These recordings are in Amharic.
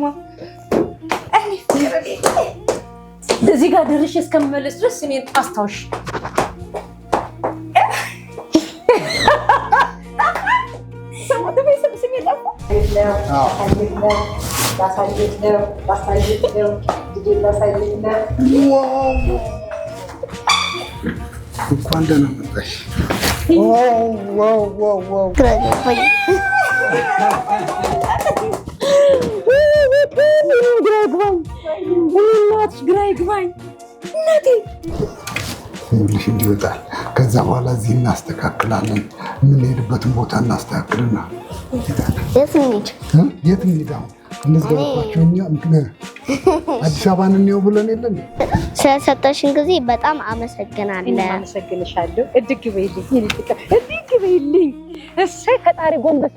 ስማ እዚህ ጋር ደርሼ እስከምመለስ ድረስ እኔን አስታውሽ። እንኳን ደህና መጣሽ። እናትሽ ግራ ይግባኝ። እናቴ ይኸውልሽ ይወጣል። ከዛ በኋላ እዚህ እናስተካክላለን። የምንሄድበትን ቦታ እናስተካክልና የት እንሂድ የት አዲስ አበባን እንየው ብለን የለን። ስለሰጠሽን ጊዜ በጣም አመሰግናለሁ። አመሰግንሻለሁ። እድግ በይልኝ እድግ በይልኝ። እሰይ ፈጣሪ ጎንበስ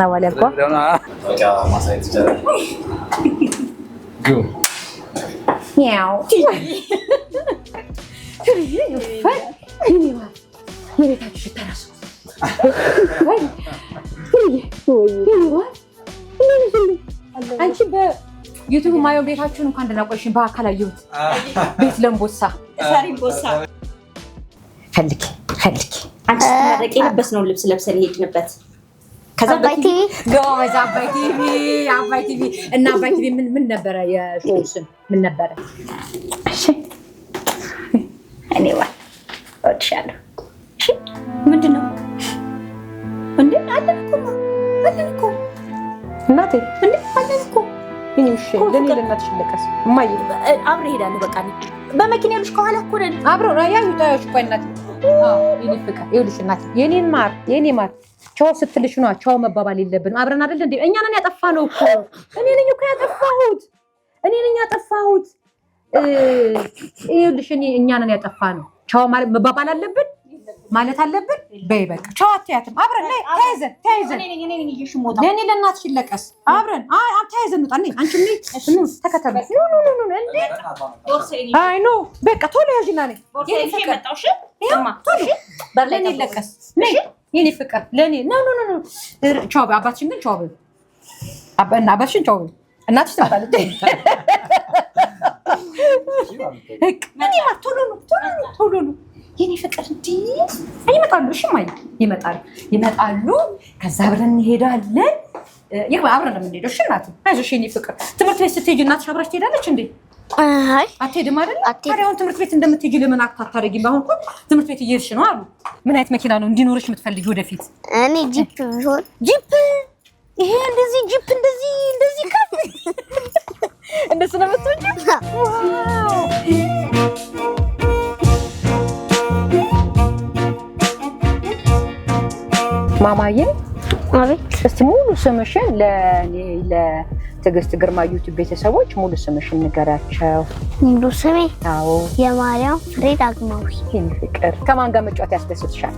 ನಾವು ಅಲ್ಲಿ ಅಲ್ವಾ አንቺ በዩቱብ ማየው ቤታችሁን እንኳን እንደናቆሽን በአካል አየሁት። ቤት ለምቦሳ ፈልጊ ፈልጊ አንቺ ስትመረቂ የለበስነውን ልብስ ለብሰን ሄድንበት ከዛ አባይ ቲቪ ጎበዝ፣ አባይ ቲቪ አባይ ቲቪ እና አባይ ቲቪ ምን ምን ነበረ? የሾው ስም ምን ነበረ? እኔ ዋ እወድሻለሁ። እሺ ምንድን ነው እንዴ? አለን እኮ አለን እኮ እናቴ እንዴ አለን እኮ ግን እሺ፣ ግን ሽለቀስ እማዬ አብሬ ሄዳለሁ። በቃ በመኪና ልጅ ከኋላ እኮ ነን አብሮ ራያ ይታያሽ ቆይናት ይኸውልሽ እናቴ የኔን ማር የኔ ማር ቻው ስትልሽ ነዋ። ቻው መባባል የለብንም አብረን አይደል እንዴ? እኛ ነን ያጠፋነው እኮ እኔ ነኝ እኮ ያጠፋሁት፣ እኔ ነኝ ያጠፋሁት። ይኸውልሽ እኛ ነን ያጠፋነው። ቻው ማለት መባባል አለብን ማለት አለብን። በይ በቃ ቻው አትያትም። አብረን ላይ ተያይዘን ተያይዘን ለእኔ ለእናትሽ ይለቀስ አብረን ተያይዘን ውጣ። አንቺ ተከተሉ። አይ ኖ በቃ ቶሎ ያዥና ለእኔ ይለቀስ የኔ ፍቅር ለእኔ ኖ ኖ ኖ ቻው አባትሽን ግን ቻው በይ። አባትሽን ቻው እናትሽ ትመጣለች። ቶሎ ነው ቶሎ ነው ቶሎ ነው የኔ ፍቅር እንዲ ይመጣሉ። እሺ ማይ ይመጣሉ ይመጣሉ። ከዛ አብረን እንሄዳለን። ይህ አብረን ነው የምንሄደው። እሺ እናቴ አይዞሽ የኔ ፍቅር። ትምህርት ቤት ስትሄጂ እናትሽ አብራሽ ትሄዳለች እንዴ? አይ አትሄድም አይደል? ታዲያ አሁን ትምህርት ቤት እንደምትሄጂ ለምን አታታረጊም? አሁን እኮ ትምህርት ቤት እየሄድሽ ነው አሉ። ምን አይነት መኪና ነው እንዲኖርሽ የምትፈልጊ ወደፊት? እኔ ጂፕ ቢሆን ጂፕ ይሄ እንደዚህ ጂፕ እንደዚህ እንደዚህ ካል እንደሱ ነው የምትወጪው? ዋው ማማዬ አቤት። እስቲ ሙሉ ስምሽን ለትዕግስት ግርማ ዩቲዩብ ቤተሰቦች ሙሉ ስምሽን ንገራቸው። ሙሉ ስሜ አዎ፣ የማርያም ፍሬ ዳግማዊ። ይህን ፍቅር ከማን ጋር መጫወት ያስደስትሻል?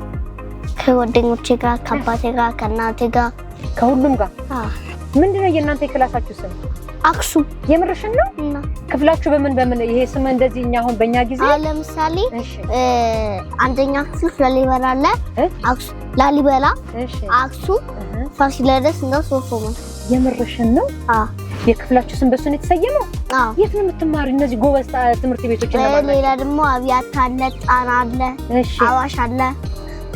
ከጓደኞቼ ጋር፣ ከአባቴ ጋር፣ ከእናቴ ጋር፣ ከሁሉም ጋር። ምንድነው የእናንተ የክላሳችሁ ስም? አክሱም የምርሽን ነው? ክፍላችሁ በምን በምን ይሄ ስም እንደዚህ እኛ አሁን በእኛ ጊዜ ለምሳሌ አንደኛ ክፍል ላሊበላ አለ፣ አክሱም ላሊበላ፣ አክሱም፣ ፋሲለደስ እና ሶፎመን። የምርሽን ነው? አዎ። የክፍላችሁ ስም በሱ ነው የተሰየመው? አዎ። የት ነው የምትማሪ? እነዚህ ጎበዝ ትምህርት ቤቶች እና ማለት ሌላ ደግሞ አብያታ አለ፣ ጣና አለ፣ አዋሽ አለ፣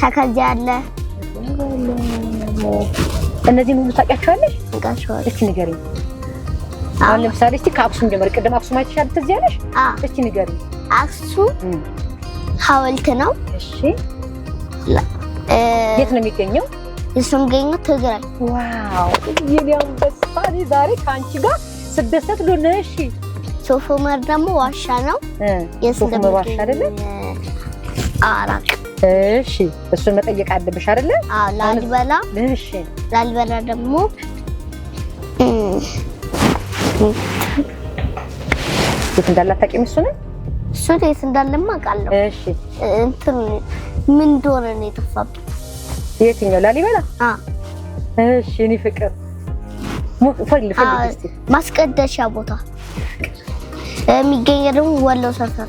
ተከዜ አለ። እነዚህን ሁሉ ታውቂያቸዋለሽ? ታውቂያቸዋለሽ። እስኪ ንገሪኝ አሁን ለምሳሌ እስቲ ከአክሱም ጀመር። ቅድም አክሱም አይተሻል፣ ትዝ ያለሽ? እስቲ ንገሪኝ። አክሱም ሐውልት ነው። እሺ፣ የት ነው የሚገኘው? እሱ የሚገኘው ትግራይ። ዋው! ይሄን በሳኔ ዛሬ ከአንቺ ጋር ስደሰት ዶነ። እሺ፣ ሶፍ ዑመር ደግሞ ዋሻ ነው። የስንት ዋሻ አይደለ? አራት እሺ እሱን መጠየቅ አለብሽ አይደለ? አዎ ላልበላ። እሺ ላልበላ ደግሞ የት እንዳለ አታውቂም? እሱን እሱን የት እንዳለማ አውቃለሁ። እሺ እንትን ምን እንደሆነ ነው የጠፋብኝ። የትኛው ላሊበላ? አዎ። እሺ እኔ ፍቅር ማስቀደሻ ቦታ የሚገኘው ደግሞ ወሎ ሰፈር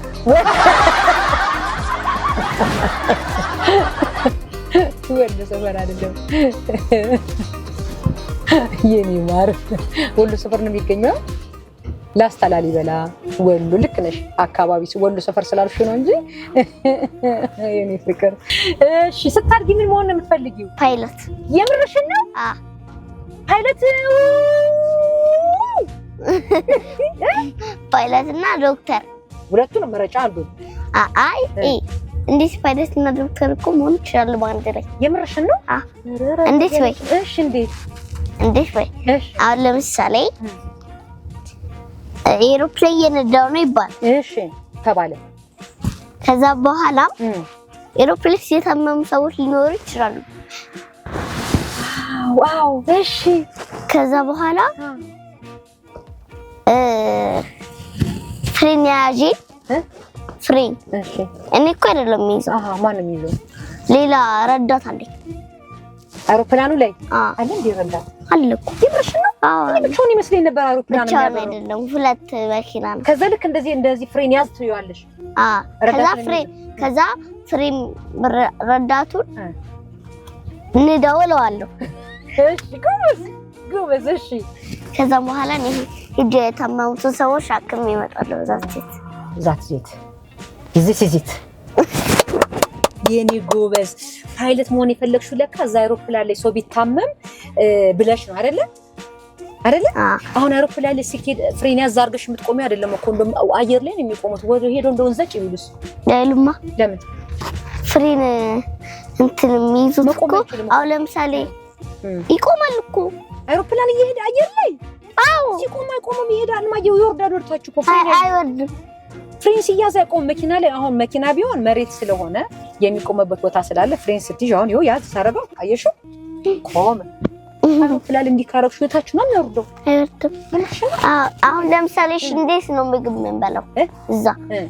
ወሎ ሰፈር አይደለም የኔ ማር ወሎ ሰፈር ነው የሚገኘው። ላስታ ላሊበላ ወሎ ልክ ነሽ። አካባቢ ወሎ ሰፈር ስላልሽ ነው እንጂ የኔ ፍቅር። እሺ ስታድጊ ምን መሆን ነው የምትፈልጊው? ፓይለት። የምርሽን ነው? ፓይለት። ፓይለት እና ዶክተር ሁለቱን መረጫ አሉ። አይ እንዴት ፓይለት እና ዶክተር እኮ መሆን ይችላሉ በአንድ ላይ። የምርሽን ነው? እንዴት ወይ? እሺ እንዴት እንዴት ወይ አሁን ለምሳሌ ኤሮፕሌን የነዳው ነው ይባል። እሺ ተባለ። ከዛ በኋላ ኤሮፕሌን የታመሙ ሰዎች ሊኖሩ ይችላሉ። ዋው! እሺ ከዛ በኋላ ፍሬን ያዤ ፍሬን እኔ እኮ አይደለም የሚይዘው። አሃ ማን የሚይዘው? ሌላ ረዳት አለኝ። አውሮፕላኑ ላይ አለ እንደ ረዳት አለ እኮ ይብርሽ ነው። እኔ ብቻውን ይመስለኝ ነበር አውሮፕላኑ ብቻውን አይደለም፣ ሁለት መኪና ነው። ከዛ ልክ እንደዚህ እንደዚህ ፍሬን ያዝ ትይዋለሽ። አዎ ከዛ ፍሬ ከዛ ፍሬን ረዳቱን እንደውለዋለሁ። እሺ ጎበዝ ጎበዝ። እሺ ከዛ በኋላ ነው ሂጅ የታመሙትን ሰዎች አክም ይመጣለሁ። ዛት ዜት ዛት ዜት ይዚት ይዚት የኔ ጎበዝ ፓይለት መሆን የፈለግሽው ለካ እዛ አይሮፕላን ላይ ሰው ቢታመም ብለሽ ነው አይደለ? አይደለ? አሁን አይሮፕላን ላይ ሲኬድ ፍሬን ያዝ አድርገሽ የምትቆሚ አይደለም እኮ። እንደውም አየር ላይ ነው የሚቆሙት። ወደ ሄዶ እንደውን ዘጭ ይሉስ ያሉማ። ለምን ፍሬን እንትን የሚይዙት እኮ አሁን ለምሳሌ ይቆማል እኮ አይሮፕላን እየሄደ አየር ላይ። አዎ ሲቆም አይቆምም፣ ይሄዳል። ማየው ይወርዳል። ወርታችሁ እኮ አይወርድም ፍሬን ሲያዝ አይቆም መኪና ላይ። አሁን መኪና ቢሆን መሬት ስለሆነ የሚቆመበት ቦታ ስላለ ፍሬን ስትይዥ አሁን ይኸው ያዝ ሳረገው አየሽው ቆመ። ፍላል እንዲካረግሽ የታች ነው የሚያወርደው። አሁን ለምሳሌ እሺ፣ እንዴት ነው ምግብ የምንበላው? እዛ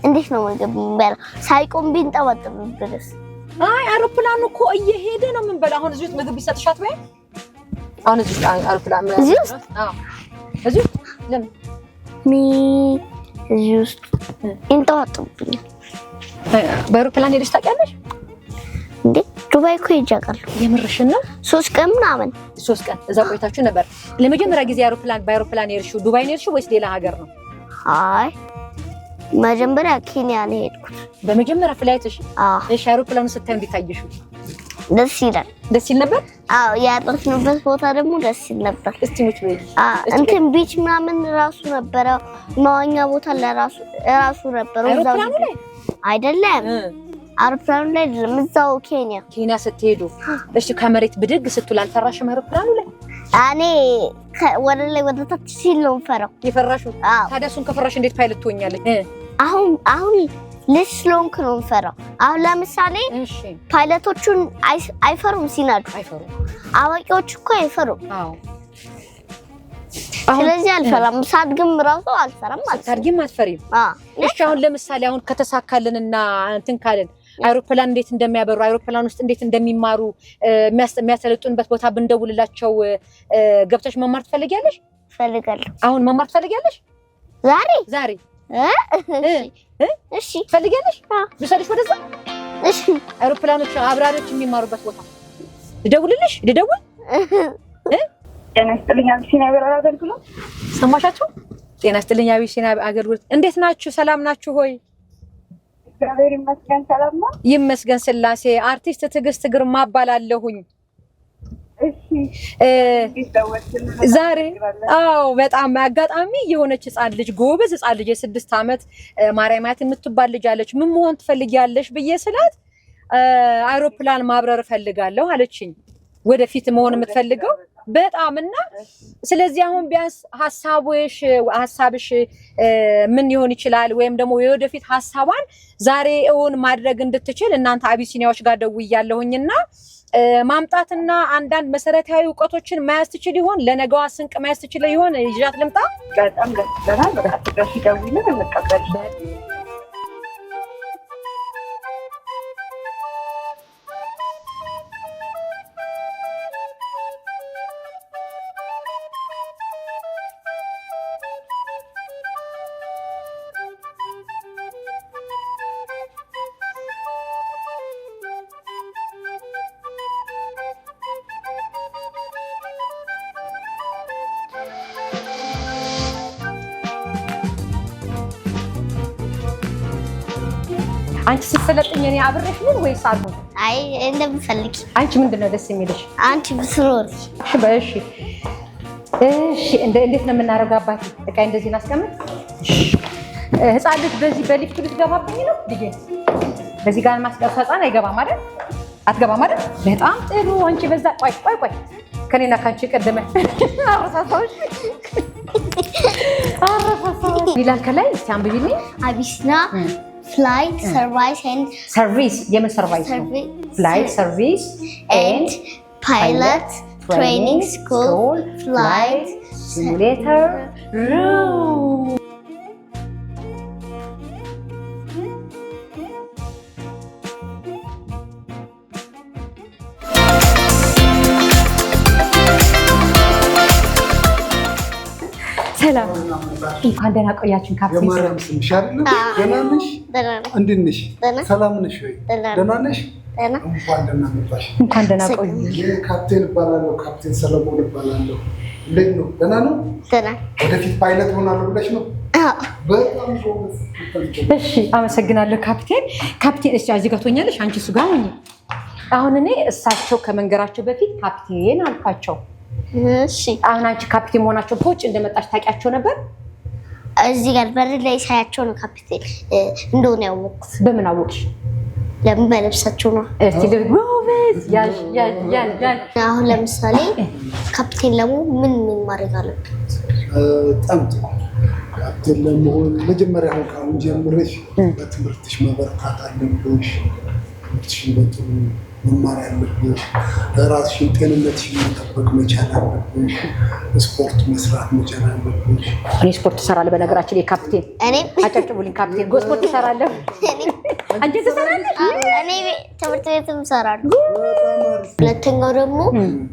እንዴት ነው ምግብ የምንበላው? ሳይቆም ቢንጠባጠብ ብርስ አይ አውሮፕላኑ እኮ እየሄደ ነው የምንበላው። አሁን እዚህ ውስጥ ምግብ ቢሰጥሻት ወይ አሁን እዚህ ውስጥ አውሮፕላን እዚህ ውስጥ አዎ፣ እዚህ ለምን ሚ እዚህ ውስጥ ይንጠዋጥብኛል። በአውሮፕላን ሄደሽ ታውቂያለሽ እንዴ? ዱባይ እኮ ሄጄ አውቃለሁ። የምርሽን ነው? ሶስት ቀን ምናምን ሶስት ቀን እዛ ቆይታችሁ ነበር። ለመጀመሪያ ጊዜ አውሮፕላን በአውሮፕላን ሄድሽው ዱባይ ነው ሄድሽው ወይስ ሌላ ሀገር ነው? አይ መጀመሪያ ኬንያ ነው የሄድኩት። በመጀመሪያ ፍላይትሽ? እሺ። አውሮፕላኑ ስታዩ እንዲታየሽው ደስ ይላል። ደስ ይል ነበር። አዎ ያጠፍንበት ቦታ ደግሞ ደስ ይል ነበር። እስቲ ሙት ነው እንትን ቢች ምናምን ራሱ ነበረ። መዋኛ ቦታ ለራሱ ራሱ ነበረ። እዛው አይደለም አውሮፕላኑ ላይ አይደለም፣ እዛው ኬንያ ኬንያ ስትሄዱ። እሺ ከመሬት ብድግ ስትሉ አልፈራሽም? አውሮፕላኑ ላይ እኔ ወደ ላይ ወደ ታች ሲል ነው የምፈራው። የፈራሽው ታዲያ እሱን ከፈራሽ እንዴት ፓይለት ትሆኛለች? አሁን አሁን ልጅ ስለሆንክ ነው የምፈራው። አሁን ለምሳሌ ፓይለቶቹን አይፈሩም ሲናዱ፣ አዋቂዎች እኮ አይፈሩም። ስለዚህ አልፈራም። ሳድግም ራሱ አልፈራም ማለት ሳድግም አትፈሪም። እሺ አሁን ለምሳሌ አሁን ከተሳካልንና እንትን ካልን አይሮፕላን እንዴት እንደሚያበሩ አይሮፕላን ውስጥ እንዴት እንደሚማሩ የሚያሰለጡንበት ቦታ ብንደውልላቸው ገብተሽ መማር ትፈልጊያለሽ? ፈልጋለሁ። አሁን መማር ትፈልጊያለሽ? ዛሬ ዛሬ እሺ ፈልገለሽ ልሰልሽ ወደዛ። እሺ አውሮፕላኖች አብራሪዎች የሚማሩበት ቦታ ልደውልልሽ? ልደውል ጤና ይስጥልኝ አገልግሎት ሰማሻቸው። ጤና ይስጥልኝ አቢሲና አገልግሎት እንዴት ናችሁ? ሰላም ናችሁ ሆይ? እግዚአብሔር ይመስገን ሰላም ነው። ይመስገን ስላሴ። አርቲስት ትዕግስት ግርማ እባላለሁኝ። ዛሬ አዎ፣ በጣም አጋጣሚ የሆነች ህፃን ልጅ ጎበዝ ህፃን ልጅ የስድስት ዓመት ማርያማት የምትባል ልጅ አለች። ምን መሆን ትፈልጊያለሽ ብዬ ስላት አይሮፕላን ማብረር እፈልጋለሁ አለችኝ። ወደፊት መሆን የምትፈልገው በጣም እና ስለዚህ አሁን ቢያንስ ሀሳቦሽ ሀሳብሽ ምን ሊሆን ይችላል ወይም ደግሞ የወደፊት ሀሳቧን ዛሬ እውን ማድረግ እንድትችል እናንተ አቢሲኒያዎች ጋር ደውያለሁኝና ማምጣትና አንዳንድ መሰረታዊ እውቀቶችን መያዝ ትችል ይሆን? ለነገዋ ስንቅ መያዝ ትችል ይሆን? ይዣት ልምጣ። በጣም ደስ ይለናል። በቃ ደስ በጣም አንቺ ስትሰለጥኝ እኔ አብሬሽ ምን ወይስ አልሆን? አይ እንደምፈልግ። አንቺ ምንድን ነው ደስ የሚልሽ? አንቺ ብትኖሪ። እሺ እሺ። እንዴት ነው የምናደርገው? አባቴ እቃ እንደዚህ እናስቀምጥ። ህፃን ልጅ በዚህ በሊፍት ልትገባብኝ ነው ልጄ። በዚህ ጋር ማስቀፍ ህፃን አይገባም አይደል? አትገባም አይደል? በጣም ጥሩ። አንቺ በዛ ቆይ ቆይ ቆይ ከኔና ካንቺ ቀደመ አረሳሳዎች አረሳሳዎች ይላል ከላይ እስቲ አንብቢልኝ flight mm. service and service Yeah, service service flight service and, pilot, training, school, flight simulator room ሰላም እንኳን ደህና ቆያችን። ካፌ የማርያም ስምሽ አይደለ? ደህና ነሽ? እንዴት ሰላም ነሽ ወይ? ደህና ነሽ? እንኳን ደህና ቆይ። እንኳን ደህና ቆዩ። ካፕቴን እባላለሁ። ካፕቴን ሰለሞን እባላለሁ። እንዴት ነው? ደህና ነው? ወደፊት ፓይለት ሆናለሁ ብለሽ ነው? እሺ፣ አመሰግናለሁ ካፕቴን። ካፕቴን እሺ፣ አዘጋጅቶኛለሽ። አንቺ እሱ ጋር ሁኚ። አሁን እኔ እሳቸው ከመንገራቸው በፊት ካፕቴን አልኳቸው። እሺ አሁን አንቺ ካፒቴን መሆናቸው በውጭ እንደመጣች ታውቂያቸው ነበር? እዚህ ጋር በር ላይ ሳያቸው ነው ካፒቴን እንደሆነ ያወቅኩት። በምን አወቅሽ? ለምን በለብሳቸው ነው። አሁን ለምሳሌ ካፕቴን ለመሆን ምን ምን ማድረግ ካፕቴን ለመሆን መጀመሪያ አሁን ከአሁን ጀምረሽ በትምህርትሽ መበርታት አለብሽ። በጥሩ መማር ያለብሽ፣ ራስሽን ጤንነትሽን መጠበቅ መቻል አለብሽ። ስፖርት መስራት መቻል አለብሽ። እኔ ስፖርት እሰራለሁ። በነገራችን ላይ ካፕቴን አጨብጭቡልኝ። ካፕቴን ስፖርት እሰራለሁ። አንቺ ትሰራለሽ? እኔ ትምህርት ቤትም እሰራለሁ። ሁለተኛው ደግሞ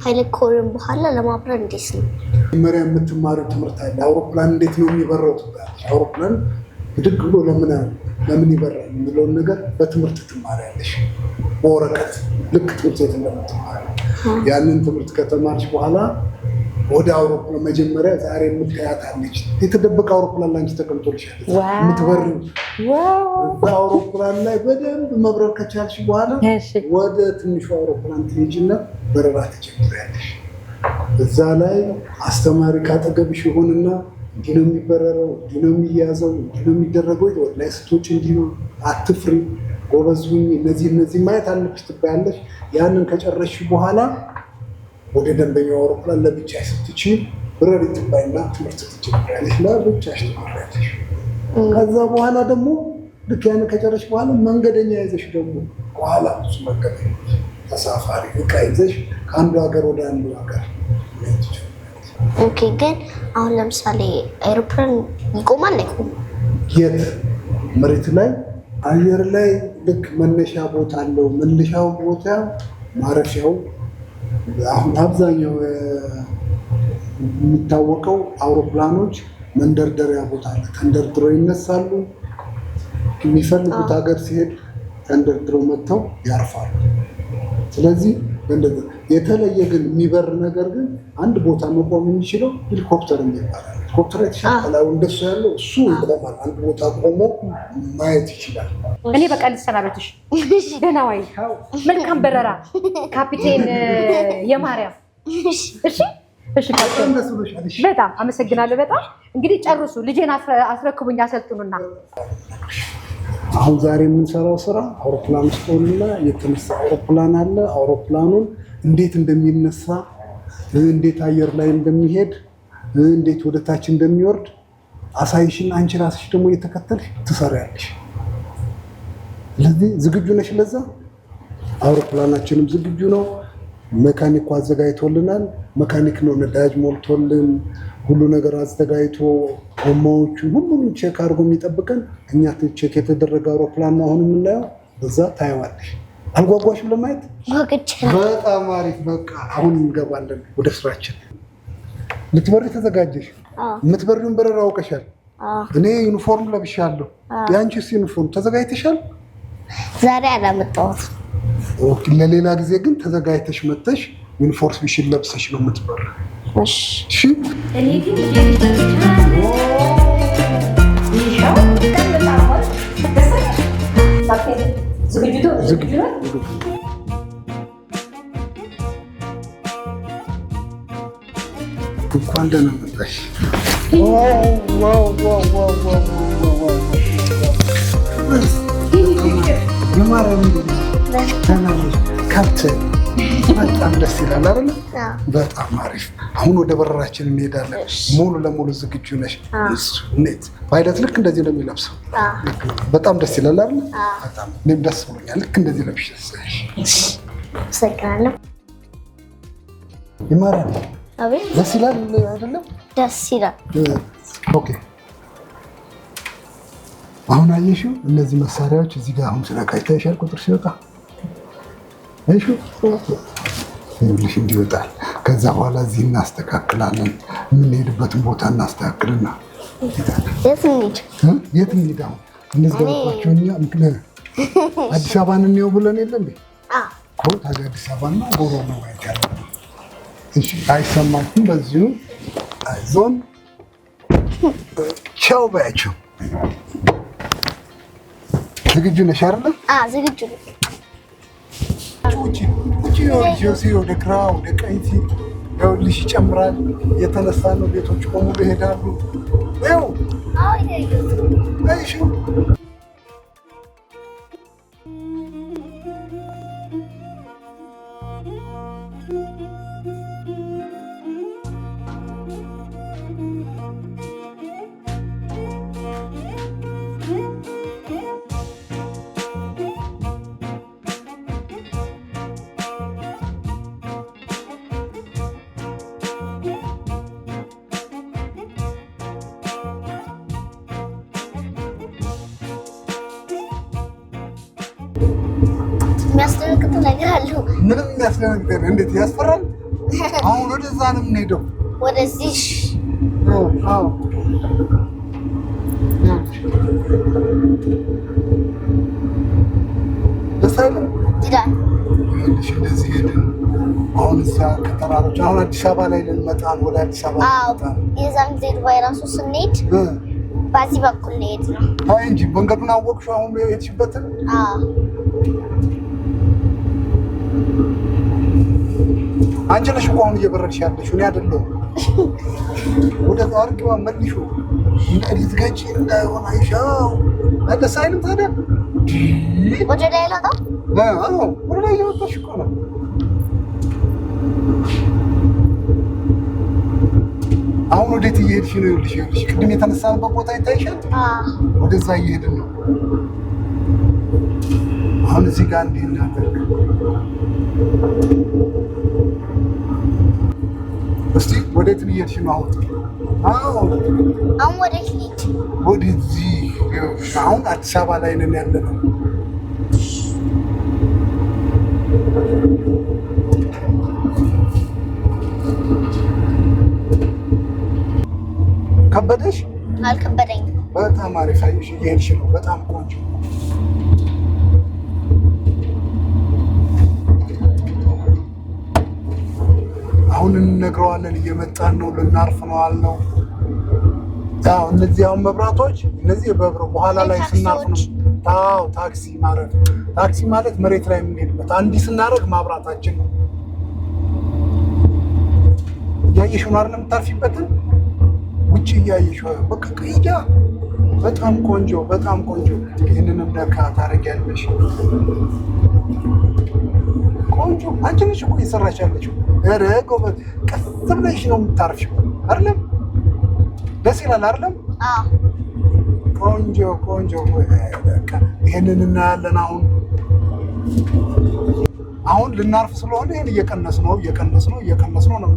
ፓይለት ከሆንን በኋላ ለማብረር እንዴት ነው መጀመሪያ የምትማሪው ትምህርት አለ። አውሮፕላን እንዴት ነው የሚበረው ትባል። አውሮፕላን ብድግ ብሎ ለምን ለምን ይበራል የሚለውን ነገር በትምህርት ትማሪያለሽ። በወረቀት ልክ ትምህርት ቤት እንደምትማሪ ያንን ትምህርት ከተማርች በኋላ ወደ አውሮፕላን መጀመሪያ ዛሬ የምታያት አለች፣ የተደበቀ አውሮፕላን ላይ አንቺ ተቀምጦልሻል የምትበር በአውሮፕላን ላይ በደንብ መብረር ከቻልሽ በኋላ ወደ ትንሹ አውሮፕላን ትሄጂና በረራ ትጀምሪያለሽ። እዛ ላይ አስተማሪ ካጠገብሽ ይሆንና እንዲህ ነው የሚበረረው፣ እንዲህ ነው የሚያዘው፣ እንዲህ ነው የሚደረገው፣ ላይ ስቶች እንዲህ ነው፣ አትፍሪ፣ ጎበዙኝ፣ እነዚህ እነዚህ ማየት አለብሽ ትባያለሽ። ያንን ከጨረሽ በኋላ ወደ ደንበኛ አውሮፕላን ለብቻ ስትችል ብረሪ ትባይና ትምህርት ትጀምሪያለሽ፣ ለብቻሽ ትማሪያለሽ። ከዛ በኋላ ደግሞ ልክ ያንን ከጨረሽ በኋላ መንገደኛ ይዘሽ ደግሞ በኋላ ብዙ መንገደኞች ተሳፋሪ እቃ ይዘሽ ከአንዱ ሀገር ወደ አንዱ ሀገር ኦኬ። ግን አሁን ለምሳሌ አይሮፕላን ይቆማል አይቆም? የት መሬት ላይ አየር ላይ ልክ መነሻ ቦታ አለው። መነሻው ቦታ ማረፊያው አሁን አብዛኛው የሚታወቀው አውሮፕላኖች መንደርደሪያ ቦታ አለ። ተንደርድሮ ይነሳሉ። የሚፈልጉት ሀገር ሲሄድ ተንደርድሮ መጥተው ያርፋሉ። ስለዚህ የተለየ ግን የሚበር ነገር ግን አንድ ቦታ መቆም የሚችለው ሄሊኮፕተር ይባላል። ሄሊኮፕተር የተሻላው እንደሱ ያለው እሱ ይቆማል። አንድ ቦታ ቆሞ ማየት ይችላል። እኔ በቃ ልሰናበትሽ። ደህና ዋይ፣ መልካም በረራ ካፒቴን የማርያም። እሺ እሺ፣ በጣም አመሰግናለሁ። በጣም እንግዲህ ጨርሱ። ልጄን አስረክቡኝ፣ አሰልጥኑና አሁን ዛሬ የምንሰራው ስራ አውሮፕላን ውስጥ የተነሳ አውሮፕላን አለ። አውሮፕላኑን እንዴት እንደሚነሳ እንዴት አየር ላይ እንደሚሄድ እንዴት ወደ ታች እንደሚወርድ አሳይሽን አንቺ ራስሽ ደግሞ እየተከተልሽ ትሰሪያለሽ። ስለዚህ ዝግጁ ነሽ ለዛ? አውሮፕላናችንም ዝግጁ ነው። መካኒኩ አዘጋጅቶልናል። መካኒክ ነው ነዳጅ ሞልቶልን ሁሉ ነገር አዘጋጅቶ ጎማዎቹን ሁሉም ቼክ አድርጎ የሚጠብቀን እኛ ቼክ የተደረገ አውሮፕላን ነው። አሁን የምናየው እዛ ታየዋለሽ። አልጓጓሽም ለማየት? በጣም አሪፍ። በቃ አሁን እንገባለን ወደ ስራችን። ልትበሪ ተዘጋጀሽ? የምትበሪውን በረራ አውቀሻል? እኔ ዩኒፎርም ለብሻለሁ። የአንቺስ ዩኒፎርም ተዘጋጅተሻል? ዛሬ አላመጣሁት። ለሌላ ጊዜ ግን ተዘጋጅተሽ መተሽ ዩኒፎርም ብሽን ለብሰሽ ነው የምትበሪ እንኳን ደህና መጣሽ። የማርያም ከብት በጣም ደስ ይላል አይደል? በጣም አሪፍ። አሁን ወደ በረራችን እንሄዳለን። ሙሉ ለሙሉ ዝግጁ ነሽ? ኔት ፓይለት ልክ እንደዚህ ነው የሚለብሰው። በጣም ደስ ይላል አይደል? በጣም እኔም ደስ ብሎኛል። ልክ እንደዚህ ለብሽ ሰቃለሁ። ይማራል። ደስ ይላል አይደለም? ደስ ይላል። ኦኬ አሁን አየሽው፣ እነዚህ መሳሪያዎች እዚህ ጋር አሁን ስለቃይታ ይሻል ቁጥር ሲወጣ ይኸውልሽ እንዲህ ከዛ በኋላ እዚህ እናስተካክላለን። የምንሄድበትን ቦታ እናስተካክልና የት እንሂድ አሁን እንዝገባባቸው እኛ አዲስ አበባን እንየው ብለን የለ ታዲያ አዲስ አበባና ጎሮ ነው ማየት ያለ በዚሁ አይዞን ቻው በያቸው። ዝግጁ ነሽ አይደለ? ዝግጁ ያላችሁ ውጭ ውጭ ሆን ሲል ወደ ግራ ወደ ቀኝ ሲል ይኸውልሽ ይጨምራል። የተነሳ ነው ቤቶች በሙሉ ይሄዳሉ። ይኸው የሚያስደነግጥ ነገር አለው። ምንም የሚያስደነግጥ እንዴት ያስፈራል። አሁን ወደዛ ነው የምንሄደው፣ ወደዚህ አሁን እዛ ከተራሮች አሁን አዲስ አበባ ላይ ልንመጣ ወደ አዲስ አበባ የዛን ጊዜ ዱባይ ራሱ ስንሄድ በዚህ በኩል ነው የሄድነው። አይ እንጂ መንገዱን አወቅሽው አሁን የሄድሽበትን አንቺ ነሽ እኮ አሁን እየበረድሽ ያለሽ፣ እኔ አይደለሁም። ወደ ታርቂ መልሾ ልትገጭ እንዳይሆን አይሻው መለስ አይልም። ታዲያ ወደ ላይ ለጣ ወደ ላይ እየወጣሽ እኮ ነው። አሁን ወዴት እየሄድሽ ነው? ይኸውልሽ ይኸውልሽ፣ ቅድም የተነሳንበት ቦታ ይታይሻል። ወደዛ እየሄድን ነው። አሁን እዚህ ጋር እናደርግ እስቲ ወዴት እየሄድሽ ነው? አሁን አሁን ወደዚህ አሁን አዲስ አበባ ላይ ነን ያለነው። ከበደሽ? አልከበደኝም። በጣም አሪፍ። አየሽ፣ እየሄድሽ ነው። በጣም ቆንጆ አሁን እንነግረዋለን። እየመጣን ነው፣ ልናርፍ ነው አልነው። እነዚህ አሁን መብራቶች እነዚህ በብረ በኋላ ላይ ስናርፍ ነው። ታው ታክሲ ማድረግ ታክሲ ማለት መሬት ላይ የምንሄድበት አንዲ ስናደርግ ማብራታችን ነው። እያየሽ ነው አይደለም? የምታርፊበትን ውጭ እያየሽ በቃ ቀይዳ በጣም ቆንጆ በጣም ቆንጆ። ይህንንም ለካ ታደርጊያለሽ። ቆንጆ አንቺ ነሽ እኮ እየሰራች ያለችው ኧረ ጎበዝ፣ ቀስ ብለሽ ነው የምታርፊው አይደለም? ደስ ይላል አይደለም? ቆንጆ ቆንጆ። ይህንን እናያለን። አሁን አሁን ልናርፍ ስለሆነ ይህን እየቀነስ ነው እየቀነስ ነው እየቀነስ ነው ነው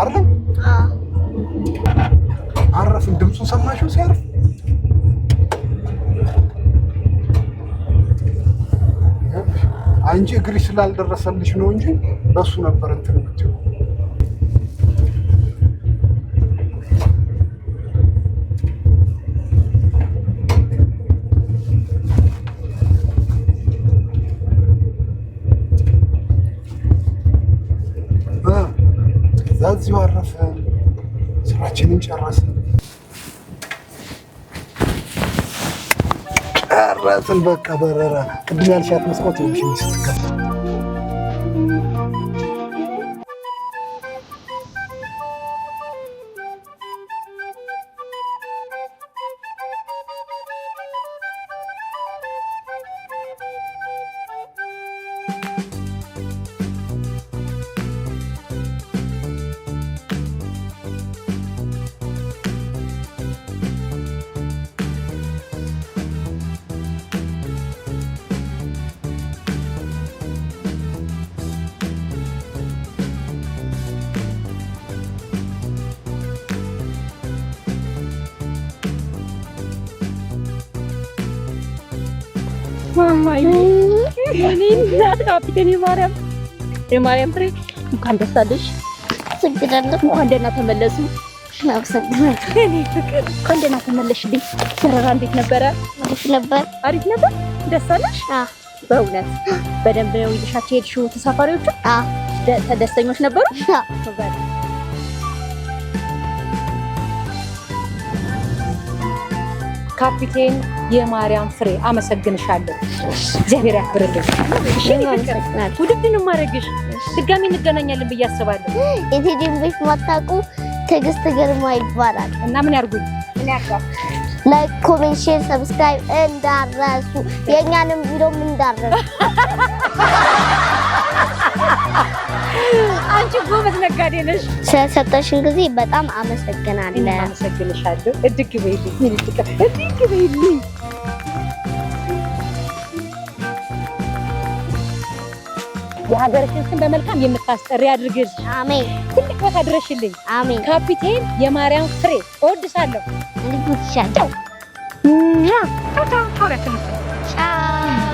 አይደለም? አረፍን። ድምፁ ሰማሽው ሲያርፍ አንቺ እግርሽ ስላልደረሰልሽ ነው እንጂ በሱ ነበር እንትን የምትይው። እዚሁ አረፈን፣ ስራችንን ጨረስን። ቀረጽን በቃ በረራ ቅድም ያልሻት መስኮት ሽ ስትከፈት የማርያም ፍሬ እንኳን ደስ አለሽ። አመሰግናለሁ። እንኳን ደህና ተመለሱ። እንኳን ደህና ተመለስሽልኝ። በረራ እንዴት ነበረ? አሪፍ ነበር። አሪፍ ነበር። ደስ አለሽ? በእውነት በደንብ ነው ይዘሻቸው የሄድሽው ተሳፋሪዎቹ? ደስተኞች ነበሩ? ካፒቴን የማርያም ፍሬ አመሰግንሻለሁ። እግዚአብሔር ያክብርልሽ። ውድድን ማድረግሽ ድጋሚ እንገናኛለን ብዬ አስባለሁ። የቴዲን ቤት ማታውቁ ትዕግስት ግርማ ይባላል እና ምን ያርጉኝ ላይክ፣ ኮሜንት፣ ሼር፣ ሰብስክራይብ እንዳረሱ የእኛንም ቪዲዮም እንዳረሱ አንቺ ጎበዝ ነጋዴ ነሽ። ስለሰጠሽን ጊዜ በጣም አመሰግናለሁ። አመሰግንሻለሁ። እድግ በይልኝ፣ እድግ በይልኝ። የሀገርሽን ስም በመልካም የምታስጠሪ አድርግሽ። አሜን። ትልቅ ቦታ ድረሽልኝ። አሜን። ካፒቴን የማርያም ፍሬ እወድሻለሁ። እንዲሁ ትሻለሁ። ቻው ቻው።